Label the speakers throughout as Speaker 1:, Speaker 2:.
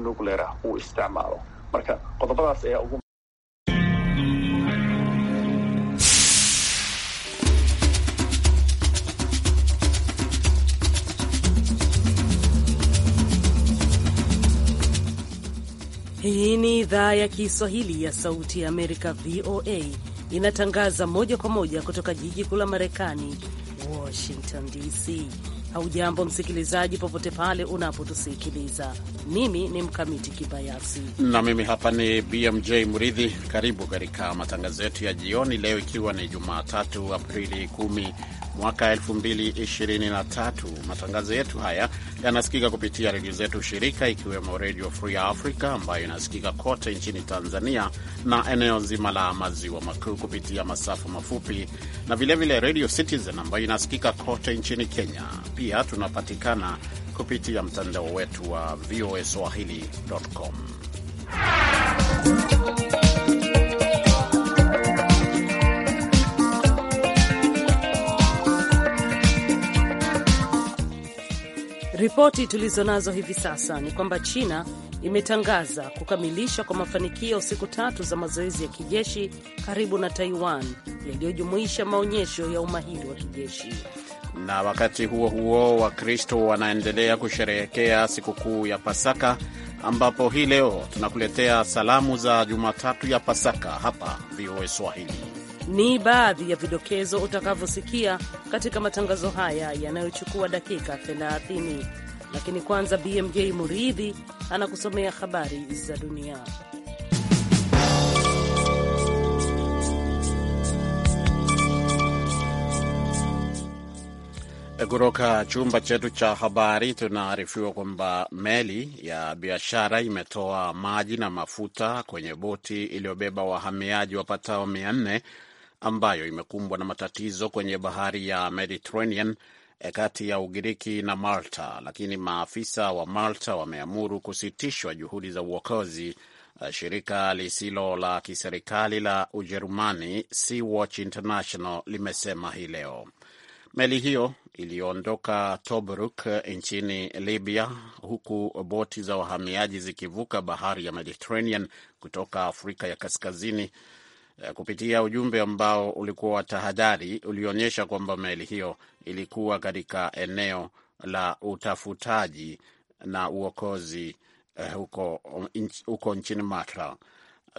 Speaker 1: nuclear ah uu isticmaalo marka qodobadaas ayaa ugu Hii ni idhaa ya Kiswahili ya Sauti ya Amerika, VOA, inatangaza moja kwa moja kutoka jiji kuu la Marekani, Washington DC. Haujambo msikilizaji, popote pale unapotusikiliza. Mimi ni Mkamiti Kibayasi
Speaker 2: na mimi hapa ni BMJ Mridhi. Karibu katika matangazo yetu ya jioni leo, ikiwa ni Jumatatu Aprili mwaka 2023. Matangazo yetu haya yanasikika kupitia redio zetu shirika, ikiwemo Redio Free Africa ambayo inasikika kote nchini Tanzania na eneo zima la maziwa makuu kupitia masafa mafupi, na vilevile Redio Citizen ambayo inasikika kote nchini Kenya. Pia tunapatikana kupitia mtandao wetu wa voa swahili.com.
Speaker 1: Ripoti tulizo nazo hivi sasa ni kwamba China imetangaza kukamilisha kwa mafanikio siku tatu za mazoezi ya kijeshi karibu na Taiwan yaliyojumuisha maonyesho ya umahiri wa kijeshi.
Speaker 2: Na wakati huo huo, Wakristo wanaendelea kusherehekea sikukuu ya Pasaka, ambapo hii leo tunakuletea salamu za Jumatatu ya Pasaka hapa VOA Swahili.
Speaker 1: Ni baadhi ya vidokezo utakavyosikia katika matangazo haya yanayochukua dakika 30, lakini kwanza BMJ Muridhi anakusomea habari za dunia.
Speaker 2: Kutoka chumba chetu cha habari tunaarifiwa kwamba meli ya biashara imetoa maji na mafuta kwenye boti iliyobeba wahamiaji wapatao mia nne ambayo imekumbwa na matatizo kwenye bahari ya Mediterranean eh, kati ya Ugiriki na Malta, lakini maafisa wa Malta wameamuru kusitishwa juhudi za uokozi. Eh, shirika lisilo la kiserikali la Ujerumani Sea Watch International limesema hii leo meli hiyo iliyoondoka Tobruk eh, nchini Libya, huku boti za wahamiaji zikivuka bahari ya Mediterranean kutoka Afrika ya kaskazini Eh, kupitia ujumbe ambao ulikuwa wa tahadhari ulionyesha kwamba meli hiyo ilikuwa katika eneo la utafutaji na uokozi eh, huko, huko nchini Matra.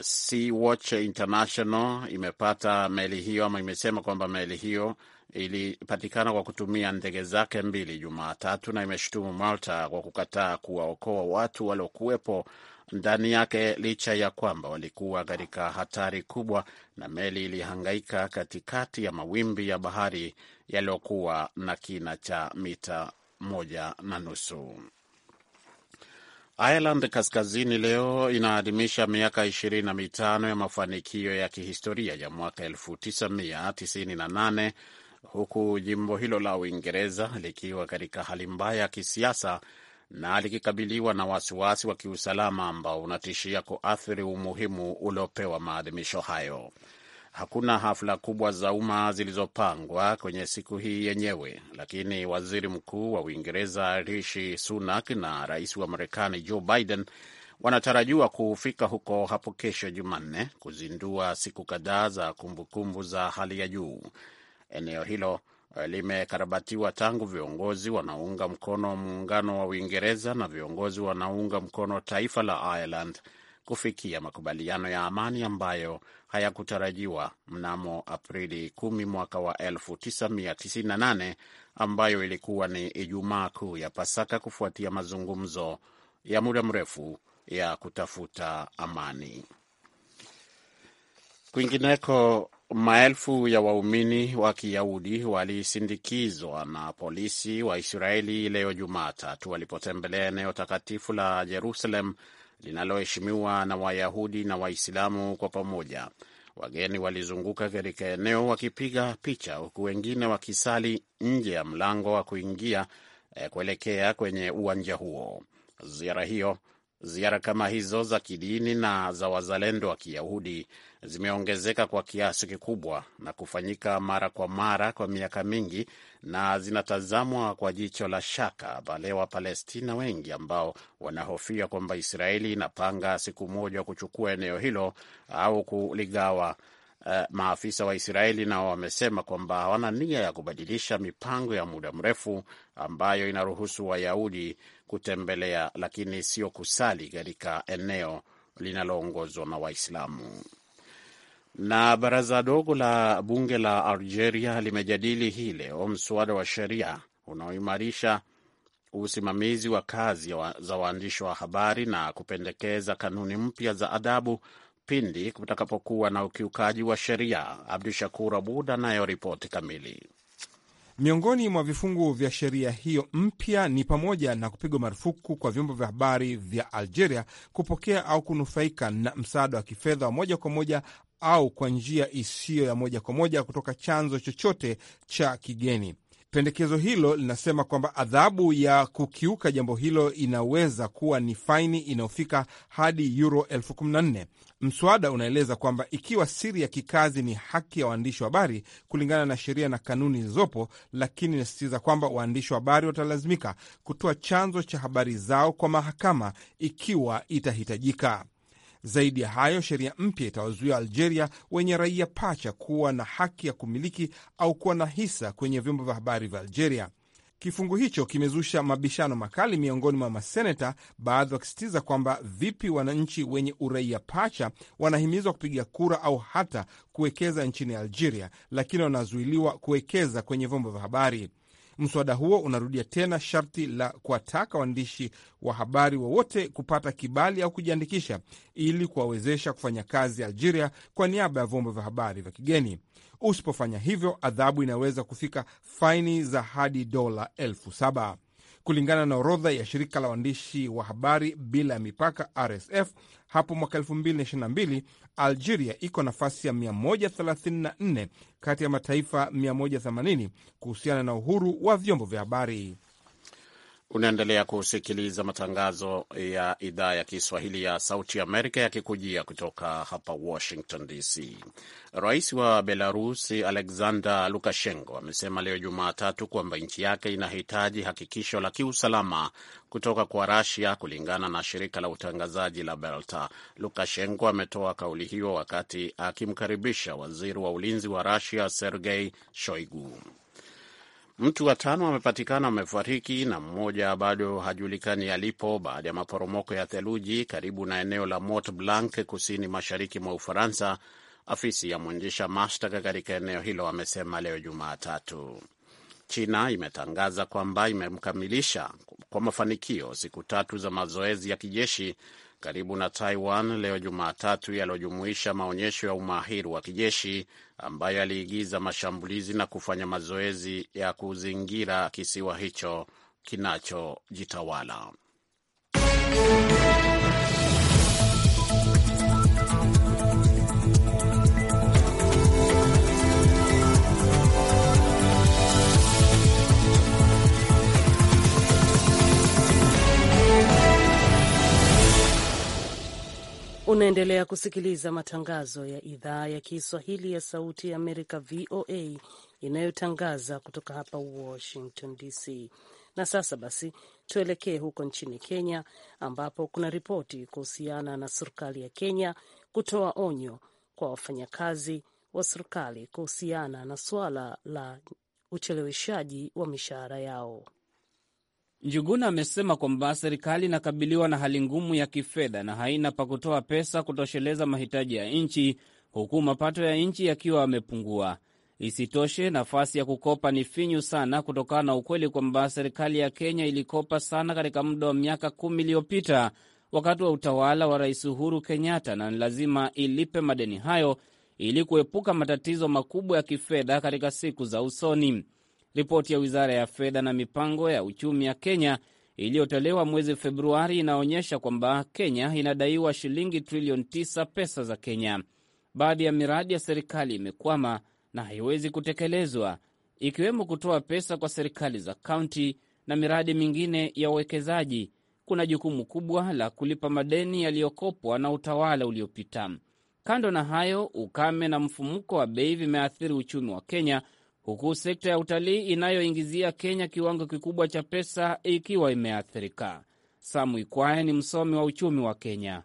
Speaker 2: Sea Watch International imepata meli hiyo ama imesema kwamba meli hiyo ilipatikana kwa kutumia ndege zake mbili Jumatatu na imeshutumu Malta kwa kukataa kuwaokoa watu waliokuwepo ndani yake licha ya kwamba walikuwa katika hatari kubwa, na meli ilihangaika katikati ya mawimbi ya bahari yaliyokuwa na kina cha mita moja na nusu. Ireland Kaskazini leo inaadhimisha miaka ishirini na mitano ya mafanikio ya kihistoria ya mwaka 1998 huku jimbo hilo la Uingereza likiwa katika hali mbaya ya kisiasa na likikabiliwa na wasiwasi wa kiusalama ambao unatishia kuathiri umuhimu uliopewa maadhimisho hayo hakuna hafla kubwa za umma zilizopangwa kwenye siku hii yenyewe, lakini waziri mkuu wa Uingereza Rishi Sunak na rais wa Marekani Joe Biden wanatarajiwa kufika huko hapo kesho Jumanne kuzindua siku kadhaa za kumbukumbu za hali ya juu. Eneo hilo eh, limekarabatiwa tangu viongozi wanaounga mkono muungano wa Uingereza na viongozi wanaounga mkono taifa la Ireland kufikia makubaliano ya amani ambayo hayakutarajiwa mnamo Aprili 10 mwaka wa 1998 ambayo ilikuwa ni Ijumaa Kuu ya Pasaka kufuatia mazungumzo ya muda mrefu ya kutafuta amani. Kwingineko, maelfu ya waumini wa Kiyahudi walisindikizwa na polisi wa Israeli leo Jumatatu walipotembelea eneo takatifu la Jerusalem linaloheshimiwa na Wayahudi na Waislamu kwa pamoja. Wageni walizunguka katika eneo wakipiga picha, huku wengine wakisali nje ya mlango wa kuingia eh, kuelekea kwenye uwanja huo. Ziara hiyo Ziara kama hizo za kidini na za wazalendo wa Kiyahudi zimeongezeka kwa kiasi kikubwa na kufanyika mara kwa mara kwa miaka mingi na zinatazamwa kwa jicho la shaka pale Wapalestina wengi ambao wanahofia kwamba Israeli inapanga siku moja kuchukua eneo hilo au kuligawa. Uh, maafisa wa Israeli nao wamesema kwamba hawana nia ya kubadilisha mipango ya muda mrefu ambayo inaruhusu Wayahudi kutembelea, lakini sio kusali katika eneo linaloongozwa na Waislamu. Na baraza dogo la bunge la Algeria limejadili hii leo mswada wa sheria unaoimarisha usimamizi wa kazi wa za waandishi wa habari na kupendekeza kanuni mpya za adabu pindi kutakapokuwa na ukiukaji wa sheria. Abdu Shakur Abud anayo ripoti kamili.
Speaker 3: Miongoni mwa vifungu vya sheria hiyo mpya ni pamoja na kupigwa marufuku kwa vyombo vya habari vya Algeria kupokea au kunufaika na msaada wa kifedha wa moja kwa moja au kwa njia isiyo ya moja kwa moja kutoka chanzo chochote cha kigeni. Pendekezo hilo linasema kwamba adhabu ya kukiuka jambo hilo inaweza kuwa ni faini inayofika hadi euro elfu kumi na nne. Mswada unaeleza kwamba ikiwa siri ya kikazi ni haki ya waandishi wa habari kulingana na sheria na kanuni zilizopo, lakini inasisitiza kwamba waandishi wa habari watalazimika kutoa chanzo cha habari zao kwa mahakama ikiwa itahitajika. Zaidi ya hayo, sheria mpya itawazuia Algeria wenye raia pacha kuwa na haki ya kumiliki au kuwa na hisa kwenye vyombo vya habari vya Algeria. Kifungu hicho kimezusha mabishano makali miongoni mwa maseneta, baadhi wakisisitiza kwamba vipi wananchi wenye uraia pacha wanahimizwa kupiga kura au hata kuwekeza nchini Algeria, lakini wanazuiliwa kuwekeza kwenye vyombo vya habari. Mswada huo unarudia tena sharti la kuwataka waandishi wa habari wowote kupata kibali au kujiandikisha ili kuwawezesha kufanya kazi Algeria kwa niaba ya vyombo vya habari vya kigeni. Usipofanya hivyo, adhabu inaweza kufika faini za hadi dola elfu saba kulingana na orodha ya shirika la waandishi wa habari bila ya mipaka RSF. Hapo mwaka 2022 Algeria iko nafasi ya 134 kati ya mataifa 180 kuhusiana na uhuru wa vyombo vya habari.
Speaker 2: Unaendelea kusikiliza matangazo ya idhaa ya Kiswahili ya Sauti Amerika yakikujia kutoka hapa Washington DC. Rais wa Belarusi Alexander Lukashenko amesema leo Jumatatu kwamba nchi yake inahitaji hakikisho la kiusalama kutoka kwa Rasia, kulingana na shirika la utangazaji la Belta. Lukashenko ametoa kauli hiyo wakati akimkaribisha waziri wa ulinzi wa Rasia Sergei Shoigu. Mtu watano amepatikana amefariki na mmoja bado hajulikani alipo baada ya maporomoko ya theluji karibu na eneo la Mont Blanc kusini mashariki mwa Ufaransa. Afisi ya mwendesha mashtaka katika eneo hilo amesema leo Jumatatu. China imetangaza kwamba imemkamilisha kwa mafanikio siku tatu za mazoezi ya kijeshi karibu na Taiwan leo Jumatatu yaliyojumuisha maonyesho ya umahiri wa kijeshi ambayo yaliigiza mashambulizi na kufanya mazoezi ya kuzingira kisiwa hicho kinachojitawala.
Speaker 1: Unaendelea kusikiliza matangazo ya idhaa ya Kiswahili ya Sauti ya Amerika, VOA, inayotangaza kutoka hapa Washington DC. Na sasa basi, tuelekee huko nchini Kenya, ambapo kuna ripoti kuhusiana na serikali ya Kenya kutoa onyo kwa wafanyakazi wa serikali kuhusiana na suala la ucheleweshaji wa mishahara yao.
Speaker 4: Njuguna amesema kwamba serikali inakabiliwa na hali ngumu ya kifedha na haina pa kutoa pesa kutosheleza mahitaji ya nchi, huku mapato ya nchi yakiwa yamepungua. Isitoshe, nafasi ya kukopa ni finyu sana kutokana na ukweli kwamba serikali ya Kenya ilikopa sana katika muda wa miaka kumi iliyopita wakati wa utawala wa Rais Uhuru Kenyatta, na ni lazima ilipe madeni hayo ili kuepuka matatizo makubwa ya kifedha katika siku za usoni. Ripoti ya wizara ya fedha na mipango ya uchumi ya Kenya iliyotolewa mwezi Februari inaonyesha kwamba Kenya inadaiwa shilingi trilioni 9 pesa za Kenya. Baadhi ya miradi ya serikali imekwama na haiwezi kutekelezwa, ikiwemo kutoa pesa kwa serikali za kaunti na miradi mingine ya uwekezaji. Kuna jukumu kubwa la kulipa madeni yaliyokopwa na utawala uliopita. Kando na hayo, ukame na mfumuko wa bei vimeathiri uchumi wa Kenya huku sekta ya utalii inayoingizia Kenya kiwango kikubwa cha pesa ikiwa imeathirika. Samu Ikwae ni msomi wa uchumi wa Kenya.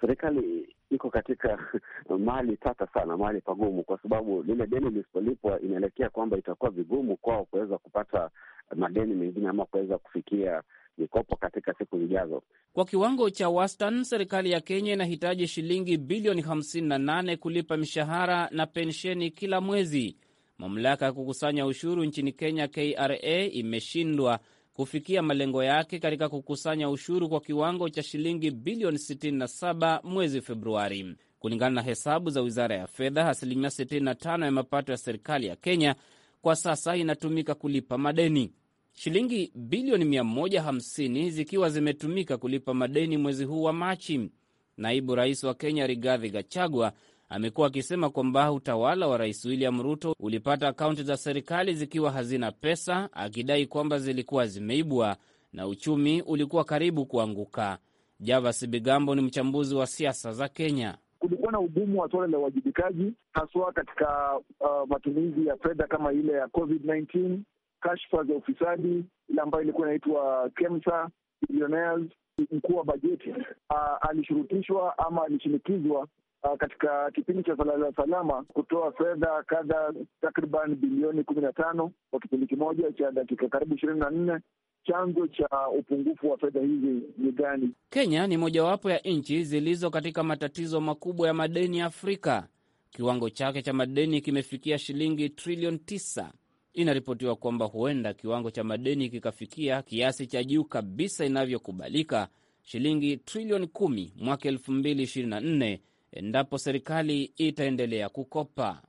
Speaker 2: Serikali iko katika mali tata sana, mali pagumu,
Speaker 4: kwa sababu lile deni lisipolipwa inaelekea kwamba itakuwa vigumu kwao kuweza kupata madeni
Speaker 2: mengine ama kuweza kufikia mikopo katika siku zijazo.
Speaker 4: Kwa kiwango cha wastan, serikali ya Kenya inahitaji shilingi bilioni 58 kulipa mishahara na pensheni kila mwezi. Mamlaka ya kukusanya ushuru nchini Kenya, KRA, imeshindwa kufikia malengo yake katika kukusanya ushuru kwa kiwango cha shilingi bilioni 67 mwezi Februari. Kulingana na hesabu za wizara ya fedha, asilimia 65 ya mapato ya serikali ya Kenya kwa sasa inatumika kulipa madeni, shilingi bilioni 150 zikiwa zimetumika kulipa madeni mwezi huu wa Machi. Naibu rais wa Kenya Rigathi Gachagua amekuwa akisema kwamba utawala wa Rais William Ruto ulipata akaunti za serikali zikiwa hazina pesa, akidai kwamba zilikuwa zimeibwa na uchumi ulikuwa karibu kuanguka. Javas Bigambo ni mchambuzi wa siasa za Kenya.
Speaker 5: Kulikuwa na ugumu wa suala la uwajibikaji haswa katika uh, matumizi ya fedha kama ile ya COVID-19, kashfa za ufisadi ile ambayo ilikuwa inaitwa KEMSA billionaires. Mkuu wa bajeti uh, alishurutishwa ama alishinikizwa uh, katika kipindi cha salala salama kutoa fedha kadha takriban bilioni kumi na tano kwa kipindi kimoja cha dakika karibu ishirini na nne. Chanzo cha upungufu wa fedha hizi ni gani?
Speaker 4: Kenya ni mojawapo ya nchi zilizo katika matatizo makubwa ya madeni ya Afrika. Kiwango chake cha madeni kimefikia shilingi trilioni tisa. Inaripotiwa kwamba huenda kiwango cha madeni kikafikia kiasi cha juu kabisa inavyokubalika, shilingi trilioni kumi mwaka elfu mbili ishirini na nne endapo serikali itaendelea kukopa.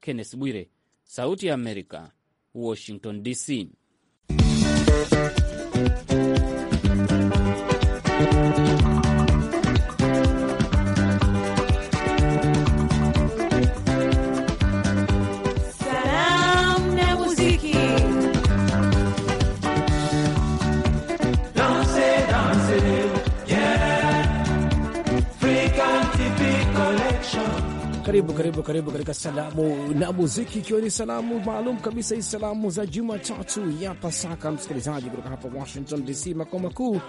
Speaker 4: Kenneth Bwire, Sauti ya Amerika, Washington DC.
Speaker 6: Karibu karibu karibu katika salamu na muziki, ikiwa ni salamu maalum kabisa hii, salamu za Jumatatu ya Pasaka, msikilizaji kutoka hapa Washington DC, makao makuu,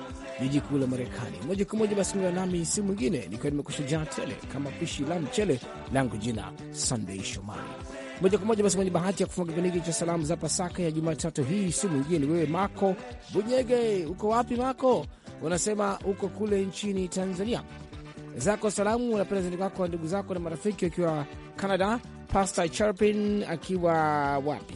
Speaker 6: jiji kuu la Marekani. Moja kwa moja basi, nami si mwingine, nikiwa nimekushajaa tele kama pishi la mchele langu, jina Sunday Shomari. Moja kwa moja basi, mwenye bahati ya kufunga kipindi hiki cha salamu za Pasaka ya Jumatatu hii si mwingine, wewe Mako Bunyege. Uko wapi Mako? Unasema uko kule nchini Tanzania zako salamu napenda zende kwako ndugu zako na marafiki akiwa Canada, Pastor Charpin akiwa wapi,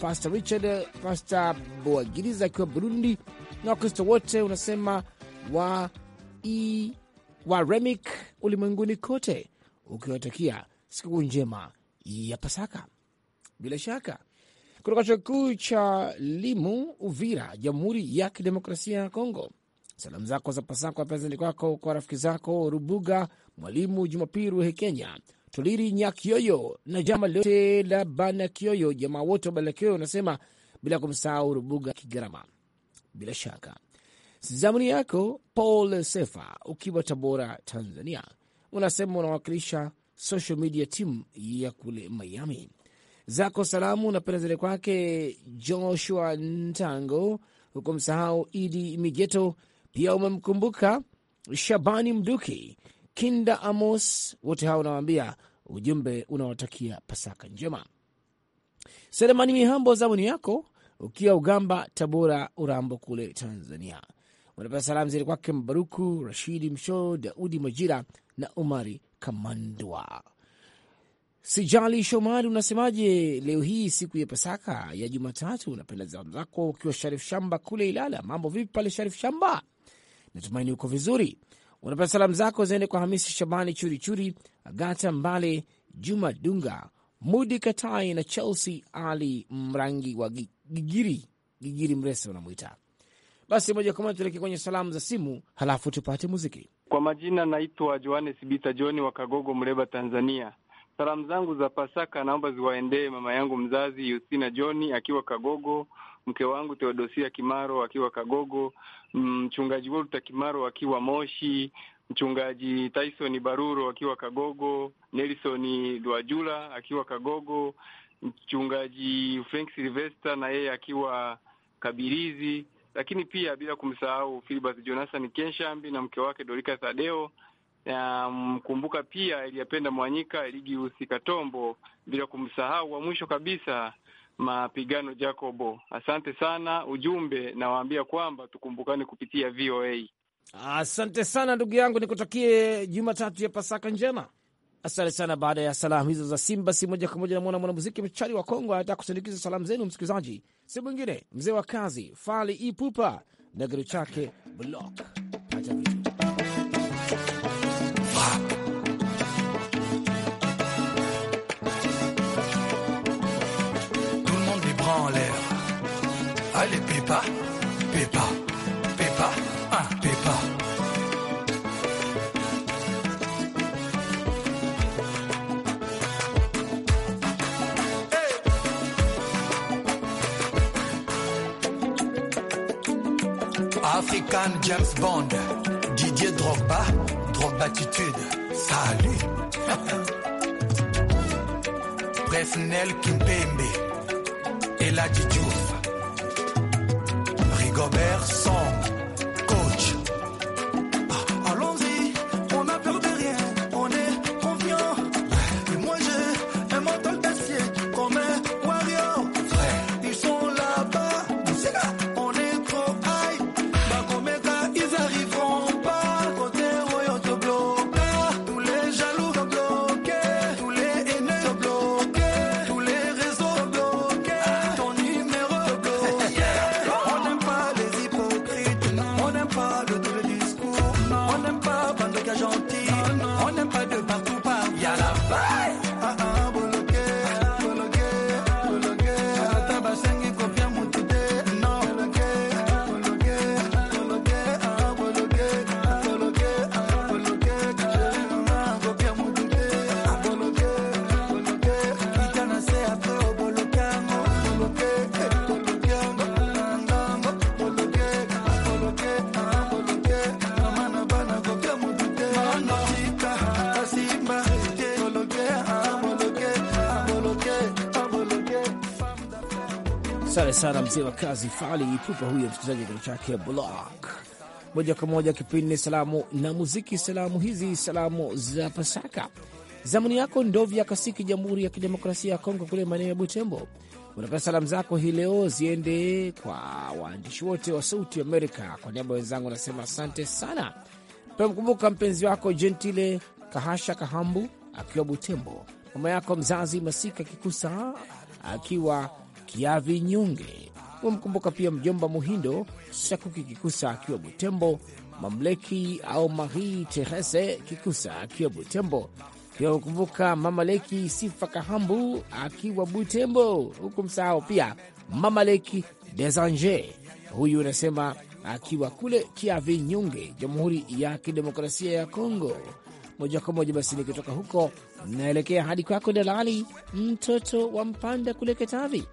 Speaker 6: Pastor Richard, Pastor Boagiriza akiwa Burundi na Wakristo wote unasema wa i, wa remik ulimwenguni kote, ukiwatakia sikukuu njema ya Pasaka. Bila shaka kutoka chuo kikuu cha Limu Uvira, Jamhuri ya Kidemokrasia ya Kongo Salamu zako za Pasaka apezani kwako kwa rafiki zako Rubuga Mwalimu Jumapili Kenya Tuliri Nyakioyo na jama lote la Bana Kioyo, jamaa wote wa Banakioyo unasema bila kumsahau Rubuga Kigarama. Bila shaka zamuni yako Paul Sefa ukiwa Tabora, Tanzania, unasema unawakilisha social media timu ya kule Miami. Zako salamu napenda zile kwake Joshua Ntango, huku msahau Idi Migeto pia umemkumbuka Shabani Mduki, Kinda Amos, wote hawa unawaambia ujumbe unawatakia Pasaka njema. Seremani Mihambo, zamuni yako ukiwa Ugamba, Tabora, Urambo kule Tanzania, unapea salamu zile kwake Mbaruku Rashidi, Msho, Daudi Majira na Umari Kamandwa. Sijali Shomari, unasemaje leo hii siku ya Pasaka ya Jumatatu? Unapenda zamu zako ukiwa Sharif Shamba kule Ilala. Mambo vipi pale Sharif Shamba? natumaini uko vizuri. Unapata salamu zako ziende kwa Hamisi Shabani Churichuri, Agata Mbale, Juma Dunga, Mudi Katai na Chelsea Ali Mrangi wa Gigiri, Gigiri Mrese unamwita. Basi moja kwa moja tuelekee kwenye salamu za simu, halafu tupate muziki.
Speaker 3: Kwa majina naitwa Johannes Bita Johni wa Kagogo, Mreba, Tanzania. Salamu zangu za Pasaka naomba ziwaendee mama yangu mzazi Yustina Johni akiwa Kagogo, mke wangu Theodosia Kimaro akiwa Kagogo, mchungaji Wolta Kimaro akiwa Moshi, mchungaji Tyson Baruro akiwa Kagogo, Nelson Dwajula akiwa Kagogo, mchungaji Frank Silvester na yeye akiwa Kabirizi, lakini pia bila kumsahau Filibert Jonathan Kenshambi na mke wake Dorika thadeo na mkumbuka pia iliyapenda Mwanyika, Eligius Katombo, bila kumsahau wa mwisho kabisa mapigano Jacobo, asante sana. Ujumbe nawaambia kwamba tukumbukane kupitia VOA. Asante sana ndugu
Speaker 6: yangu, nikutakie Jumatatu ya Pasaka njema. Asante sana. Baada ya salamu hizo za Simba, si moja kwa moja namwona mwanamuziki mchari wa Kongo anataka kusindikiza salamu zenu, msikilizaji, si mwingine mzee wa kazi Fali Ipupa e na kitu chake
Speaker 7: block. Peppa, Peppa, Peppa, ah African James Bond, Didier Drogba, Drogba attitude, salut. Presnel Kimpembe, et la Gobert Song.
Speaker 6: sana mzee wa kazi Fali Pupa huyo msikilizaji kitu chake block moja kwa moja. Kipindi salamu na muziki, salamu hizi salamu za Pasaka. Zamani yako Ndovya Kasiki, Jamhuri ya Kidemokrasia ya Kongo, kule maeneo ya Butembo, unapea salamu zako hii leo ziende kwa waandishi wote wa Sauti Amerika. Kwa niaba ya wenzangu anasema asante sana. Pia mkumbuka mpenzi wako Gentile Kahasha Kahambu akiwa Butembo, mama yako mzazi Masika Kikusa akiwa Kiavi Nyunge. Wamkumbuka pia mjomba Muhindo Sakuki Kikusa akiwa Butembo, Mamleki au Marie Terese Kikusa akiwa Butembo. Pia wamkumbuka Mama Leki Sifa Kahambu akiwa Butembo, huku msahau pia Mama Leki Desange, huyu unasema akiwa kule Kiavi Nyunge, Jamhuri ya Kidemokrasia ya Kongo. Moja kwa moja basi, nikitoka huko naelekea hadi kwako, dalali mtoto wa Mpanda kule Katavi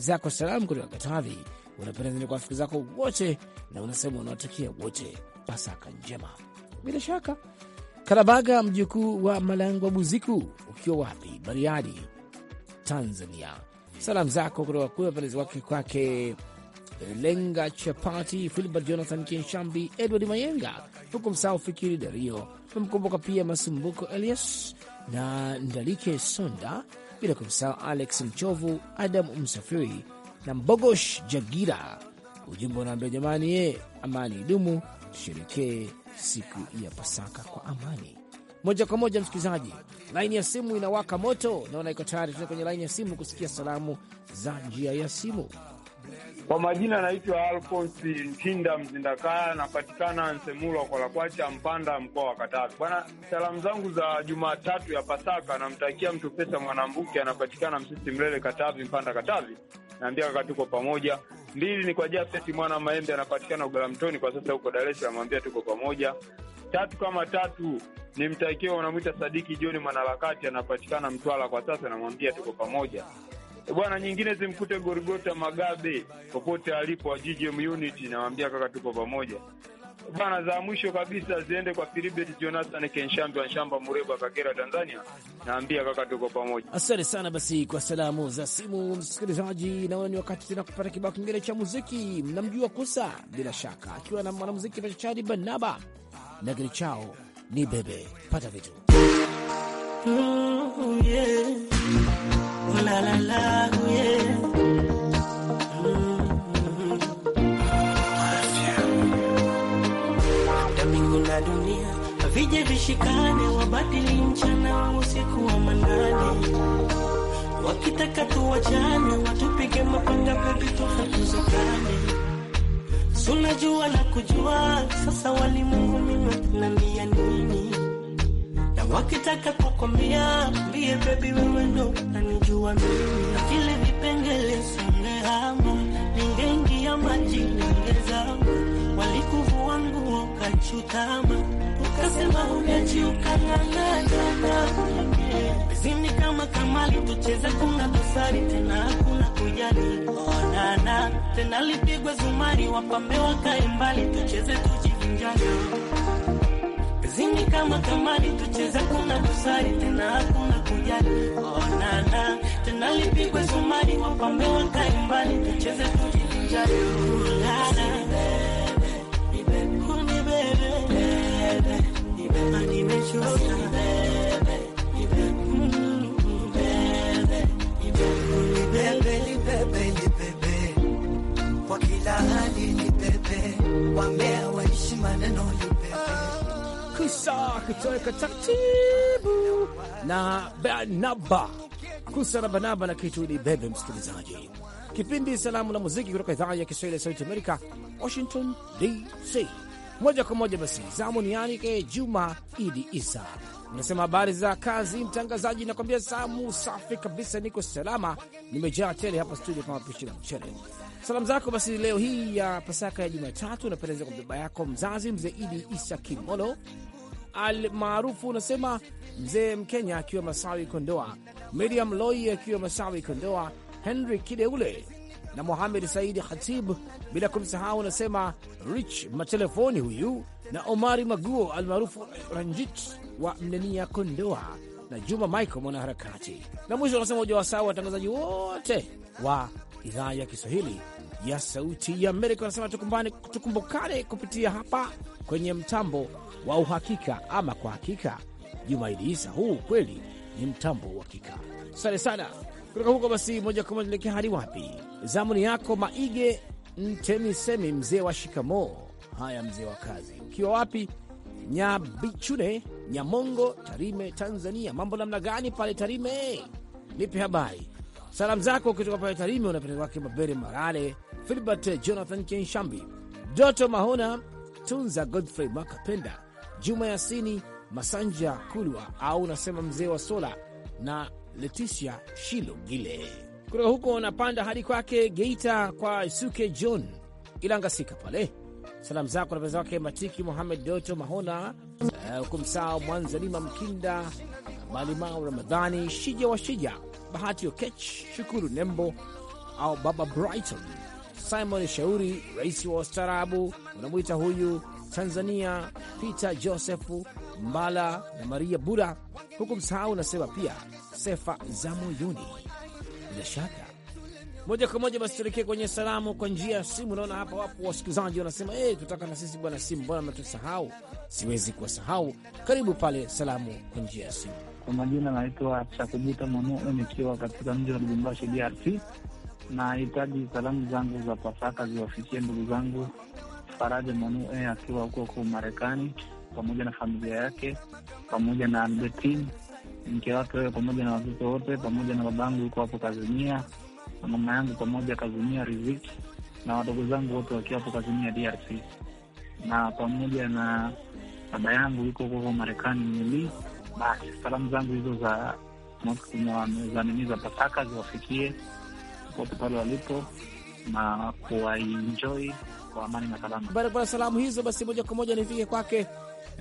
Speaker 6: zako salamu kutoka Katavi, unapendezani kwa rafiki zako wote na unasema unawatakia wote Pasaka njema. Bila shaka Karabaga, mjukuu wa wa Buziku, ukiwa wapi? Bariadi, Tanzania. Salamu zako kutoka kule wapelezi wake kwake Lenga Chapati, Filibert Jonathan Kinshambi, Edward Mayenga, huku msaa Fikiri Dario, umemkumbuka pia Masumbuko Elias na Ndalike Sonda bila kumsahau Alex Mchovu, Adam Msafiri na Mbogosh Jagira. Ujumbe unaambia jamani, ye amani idumu, tusherekee siku ya Pasaka
Speaker 3: kwa amani.
Speaker 6: Moja kwa moja, msikilizaji, laini ya simu inawaka moto, naona iko tayari. Tuna kwenye laini ya simu kusikia salamu za njia ya simu.
Speaker 3: Kwa majina anaitwa Alphonse Ntinda Mzindakaya, anapatikana Nsemulwa kwa Lakwacha, Mpanda, mkoa wa Katavi. Bwana, salamu zangu za Jumatatu ya Pasaka namtakia mtu pesa Mwanambuke, anapatikana Msisi Mlele, Katavi, Mpanda, Katavi. Naambia kaka, tuko pamoja. Mbili ni kwa Jafeti Mwana Maembe, anapatikana Ugalamtoni kwa sasa huko Dar es Salaam, amwambia tuko pamoja. Tatu kama tatu ni mtakiwa Sadiki Joni Mwanaharakati, anapatikana mtwala kwa sasa, namwambia tuko pamoja bwana, nyingine zimkute Gorgota Magabe popote alipo, GGM unit, nawaambia kaka, tuko pamoja bwana. Za mwisho kabisa ziende kwa Filibert Jonathan Kenshambi Shamba Mureba, Kagera, Tanzania, naambia kaka, tuko pamoja. Asante
Speaker 6: sana basi kwa salamu za simu, msikilizaji. Naona ni wakati tena kupata kibao kingine cha muziki. Mnamjua Kusa bila shaka, akiwa na mwanamuziki machachari Banaba na kile chao ni bebe pata vitu
Speaker 7: mm, yeah. Oh, vije vishikane wabadili mchana wa usiku wa manane, wakitaka tuwachane, watupige mapanga pepi tufukuzikane, suna jua la kujua sasa walimwengu mimi nandia nini wakitaka kukomia mbie bebi, wewe ndo nanijua mimi na kile vipengele singehama, ningeingia maji ningezama, walikuvua nguo kachutama, ukasema unaji ukang'ang'ana zini kama kamali, tucheza kuna dosari tena hakuna kujali, onana tena lipigwa zumari, wapame wakae mbali, tucheze tujivinjana Zimi kama kamari tucheza, kuna kusari tena hakuna kujali. Onana oh, tena lipigwe sumari, wapambe wakaimbani, tucheze tujivinjari. Kwa kila hali
Speaker 1: ni pepe, waishi maneno
Speaker 7: Kusa
Speaker 6: kutoka taratibu na Banaba Kusa na Banaba na kitu ni bebe. Msikilizaji, kipindi Salamu na Muziki kutoka idhaa ya Kiswahili ya Sauti Amerika, Washington DC. Moja kwa moja basi zamu ni yanike Juma Idi Isa unasema habari za kazi mtangazaji, nakwambia samu safi kabisa, niko salama, nimejaa tele hapa studio kama pishi la mchele salamu zako basi leo hii ya Pasaka ya Jumatatu unapendeza kwa baba yako mzazi mzee Idi Isa Kimolo almaarufu unasema mzee Mkenya akiwa Masawi Kondoa, Miriam Loi akiwa Masawi Kondoa, Henry Kideule na muhamed Saidi Khatib, bila kumsahau unasema Rich Matelefoni huyu na Omari Maguo almaarufu Ranjit wa Mnenia Kondoa na Juma Michael mwanaharakati. Na mwisho unasema uja wasawa watangazaji wote wa idhaa ya Kiswahili ya Sauti ya Amerika. Wanasema tukumbane, tukumbukane kupitia hapa kwenye mtambo wa uhakika. Ama kwa hakika, Jumaidi Isa, huu kweli ni mtambo wa uhakika. sante sana kutoka huko. Basi moja kwa moja elekea hadi wapi? Zamuni yako Maige Ntemisemi, mzee wa shikamoo. Haya, mzee wa kazi, ukiwa wapi? Nyabichune, Nyamongo, Tarime, Tanzania. Mambo namna gani pale Tarime? Nipe habari Salamu zako kutoka pale Tarime unapenda kwake Mabere Marale, Filbert Jonathan Kenshambi, Doto Mahona, Tunza Godfrey Makapenda, Juma Yasini Masanja Kulwa, au unasema mzee wa Sola na Leticia Shilogile. Kutoka huko unapanda hadi kwake Geita kwa Suke John Ilangasika pale. Salamu zako napenza wake Matiki muhamed Doto Mahona eh, hukumsaa uh, Mwanzalima Mkinda Malimao Ramadhani Shija wa Shija Bahati Okech, Shukuru Nembo au Baba Brighton, Simon Shauri, rais wa wastaarabu unamwita huyu Tanzania, Peter Josefu Mbala na Maria Bura, huku msahau unasema pia Sefa za moyoni. Bila shaka moja kwa moja basi tuelekee kwenye salamu kwa njia ya simu. Naona hapa wapo wasikilizaji wanasema hey, eh, tutaka na sisi bwana simu, mbona mnatusahau? Siwezi kuwasahau. Karibu pale salamu kwa njia ya
Speaker 4: simu. Kwa majina naitwa Chakubuta Mwanuo, nikiwa katika mji wa Lubumbashi, DRC. Nahitaji salamu zangu za Pasaka ziwafikie ndugu zangu Faraja Mwanue eh, akiwa huko huko Marekani pamoja na familia yake, pamoja na Albertine mke wake wewe, pamoja na watoto wote, pamoja na babangu yuko hapo Kazimia na mama yangu pamoja Kazimia Riziki na wadogo zangu wote wakiwa hapo Kazimia DRC, na pamoja na baba yangu yuko huko Marekani mili basi salamu zangu hizo za zanini za Pasaka ziwafikie popote pale walipo na kuwaenjoi
Speaker 6: kwa amani na salama. Barabara salamu hizo basi, moja kwa moja nifike kwake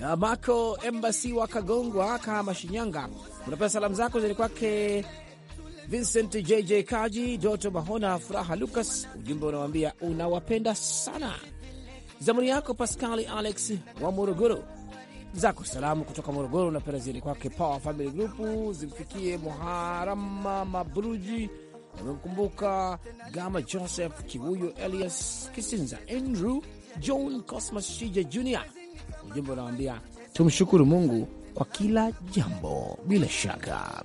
Speaker 6: eh, Mako Embassy wa Kagongwa, kama Shinyanga. Unapewa salamu zako zani kwake Vincent JJ Kaji, Doto Mahona, Furaha Lucas. Ujumbe unawambia unawapenda sana. Zamuni yako Pascali Alex wa Morogoro zako salamu kutoka Morogoro na pera ziende kwake Power Family Group zimfikie Muharama Mabruji, amemkumbuka Gama Joseph Kiwuyo, Elias Kisinza, Andrew John, Cosmas Shija Jr. Ujumbe unawambia tumshukuru Mungu kwa kila jambo bila shaka.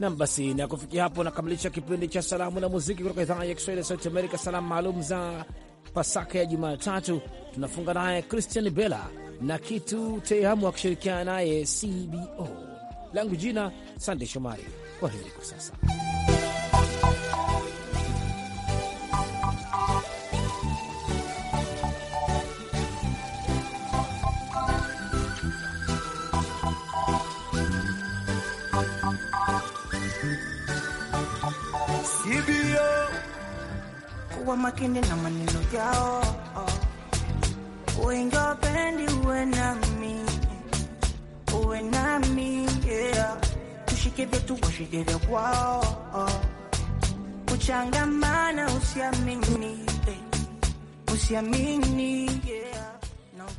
Speaker 6: Nam basi, na kufikia hapo nakamilisha kipindi cha salamu na muziki kutoka idhaa ya Kiswahili ya Sauti Amerika, salamu maalum za Pasaka ya Jumatatu. Tunafunga naye Christian Bella na kitu Teihamu akishirikiana naye CBO. Langu jina Sande Shomari, kwa heri kwa sasa.
Speaker 7: CBO kuwa makini na maneno yao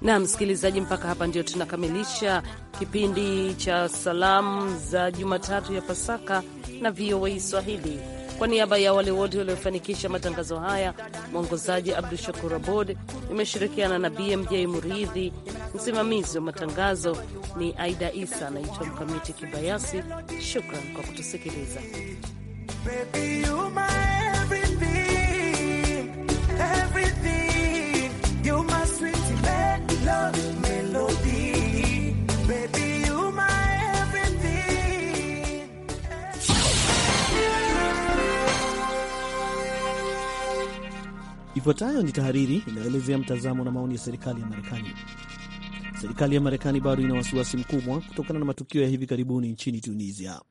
Speaker 1: na msikilizaji, mpaka hapa ndio tunakamilisha kipindi cha salamu za Jumatatu ya Pasaka na VOA Swahili. Kwa niaba ya wale wote waliofanikisha matangazo haya, mwongozaji Abdu Shakur Abod, imeshirikiana na BMJ Muridhi. Msimamizi wa matangazo ni Aida Isa, anaitwa Mkamiti Kibayasi. Shukran kwa kutusikiliza.
Speaker 7: Baby,
Speaker 5: Ifuatayo ni tahariri inayoelezea mtazamo na maoni ya serikali ya Marekani. Serikali ya Marekani bado ina wasiwasi mkubwa kutokana na matukio ya hivi karibuni nchini Tunisia.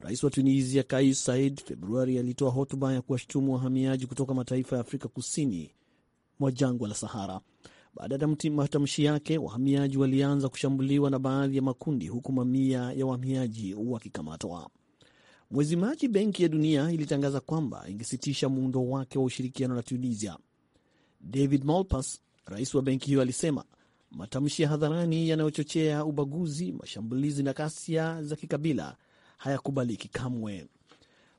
Speaker 5: Rais wa Tunisia Kais Said Februari alitoa hotuba ya kuwashutumu wahamiaji kutoka mataifa ya Afrika kusini mwa jangwa la Sahara. Baada ya matamshi yake, wahamiaji walianza kushambuliwa na baadhi ya makundi, huku mamia ya wahamiaji wakikamatwa. Mwezi Machi, Benki ya Dunia ilitangaza kwamba ingesitisha muundo wake wa ushirikiano na Tunisia. David Malpass, rais wa benki hiyo, alisema matamshi ya hadharani yanayochochea ubaguzi, mashambulizi na ghasia za kikabila hayakubaliki kamwe.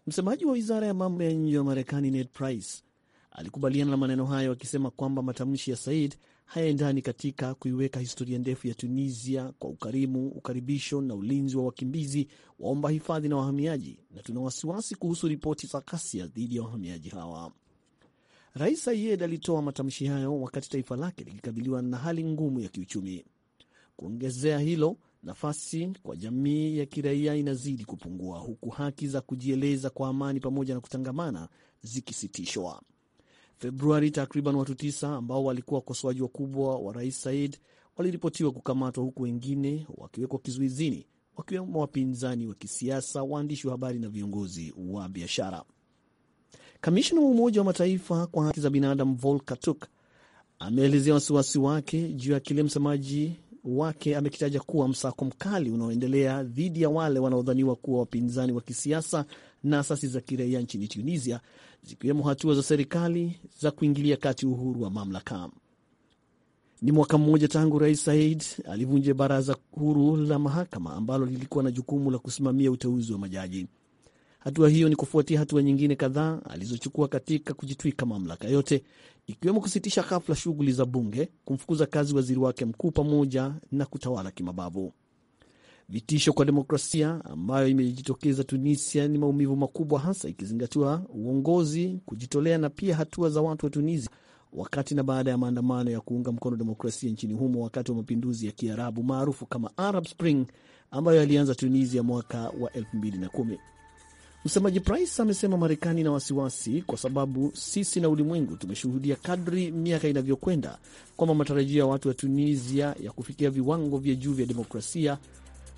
Speaker 5: Msemaji wa wizara ya mambo ya nje wa Marekani Ned Price alikubaliana na maneno hayo akisema kwamba matamshi ya Said hayaendani katika kuiweka historia ndefu ya Tunisia kwa ukarimu, ukaribisho na ulinzi wa wakimbizi, waomba hifadhi na wahamiaji, na tuna wasiwasi kuhusu ripoti za ghasia dhidi ya wahamiaji hawa. Rais Sayed alitoa matamshi hayo wakati taifa lake likikabiliwa na hali ngumu ya kiuchumi. Kuongezea hilo, nafasi kwa jamii ya kiraia inazidi kupungua, huku haki za kujieleza kwa amani pamoja na kutangamana zikisitishwa. Februari, takriban watu tisa ambao walikuwa wakosoaji wakubwa wa rais Said waliripotiwa kukamatwa huku wengine wakiwekwa kizuizini, wakiwemo wapinzani wa kisiasa, waandishi wa habari na viongozi wa biashara. kamishina wa Umoja wa Mataifa kwa haki za binadamu Volker Turk ameelezea wasiwasi wake juu ya kile msemaji wake amekitaja kuwa msako mkali unaoendelea dhidi ya wale wanaodhaniwa kuwa wapinzani wa kisiasa na asasi za kiraia nchini Tunisia, zikiwemo hatua za serikali za kuingilia kati uhuru wa mamlaka. Ni mwaka mmoja tangu Rais Said alivunja baraza huru la mahakama ambalo lilikuwa na jukumu la kusimamia uteuzi wa majaji. Hatua hiyo ni kufuatia hatua nyingine kadhaa alizochukua katika kujitwika mamlaka yote, ikiwemo kusitisha ghafla shughuli za bunge, kumfukuza kazi waziri wake mkuu, pamoja na kutawala kimabavu. Vitisho kwa demokrasia ambayo imejitokeza Tunisia ni maumivu makubwa, hasa ikizingatiwa uongozi kujitolea na pia hatua za watu wa Tunisia wakati na baada ya maandamano ya kuunga mkono demokrasia nchini humo wakati wa mapinduzi ya Kiarabu maarufu kama Arab Spring ambayo alianza Tunisia mwaka wa 2010. Msemaji Price amesema Marekani ina wasiwasi kwa sababu sisi na ulimwengu tumeshuhudia kadri miaka inavyokwenda kwamba matarajio ya watu wa Tunisia ya kufikia viwango vya juu vya demokrasia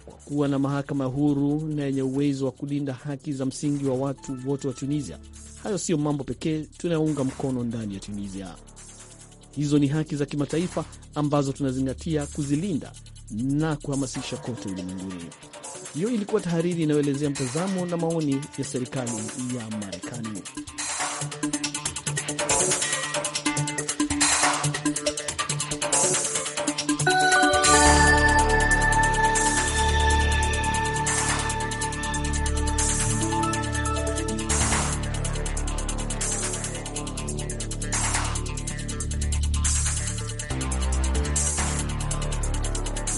Speaker 5: kwa kuwa na mahakama huru na yenye uwezo wa kulinda haki za msingi wa watu wote wa Tunisia. Hayo siyo mambo pekee tunayounga mkono ndani ya Tunisia. Hizo ni haki za kimataifa ambazo tunazingatia kuzilinda na kuhamasisha kote ulimwenguni. Hiyo ilikuwa tahariri inayoelezea mtazamo na maoni ya serikali ya Marekani.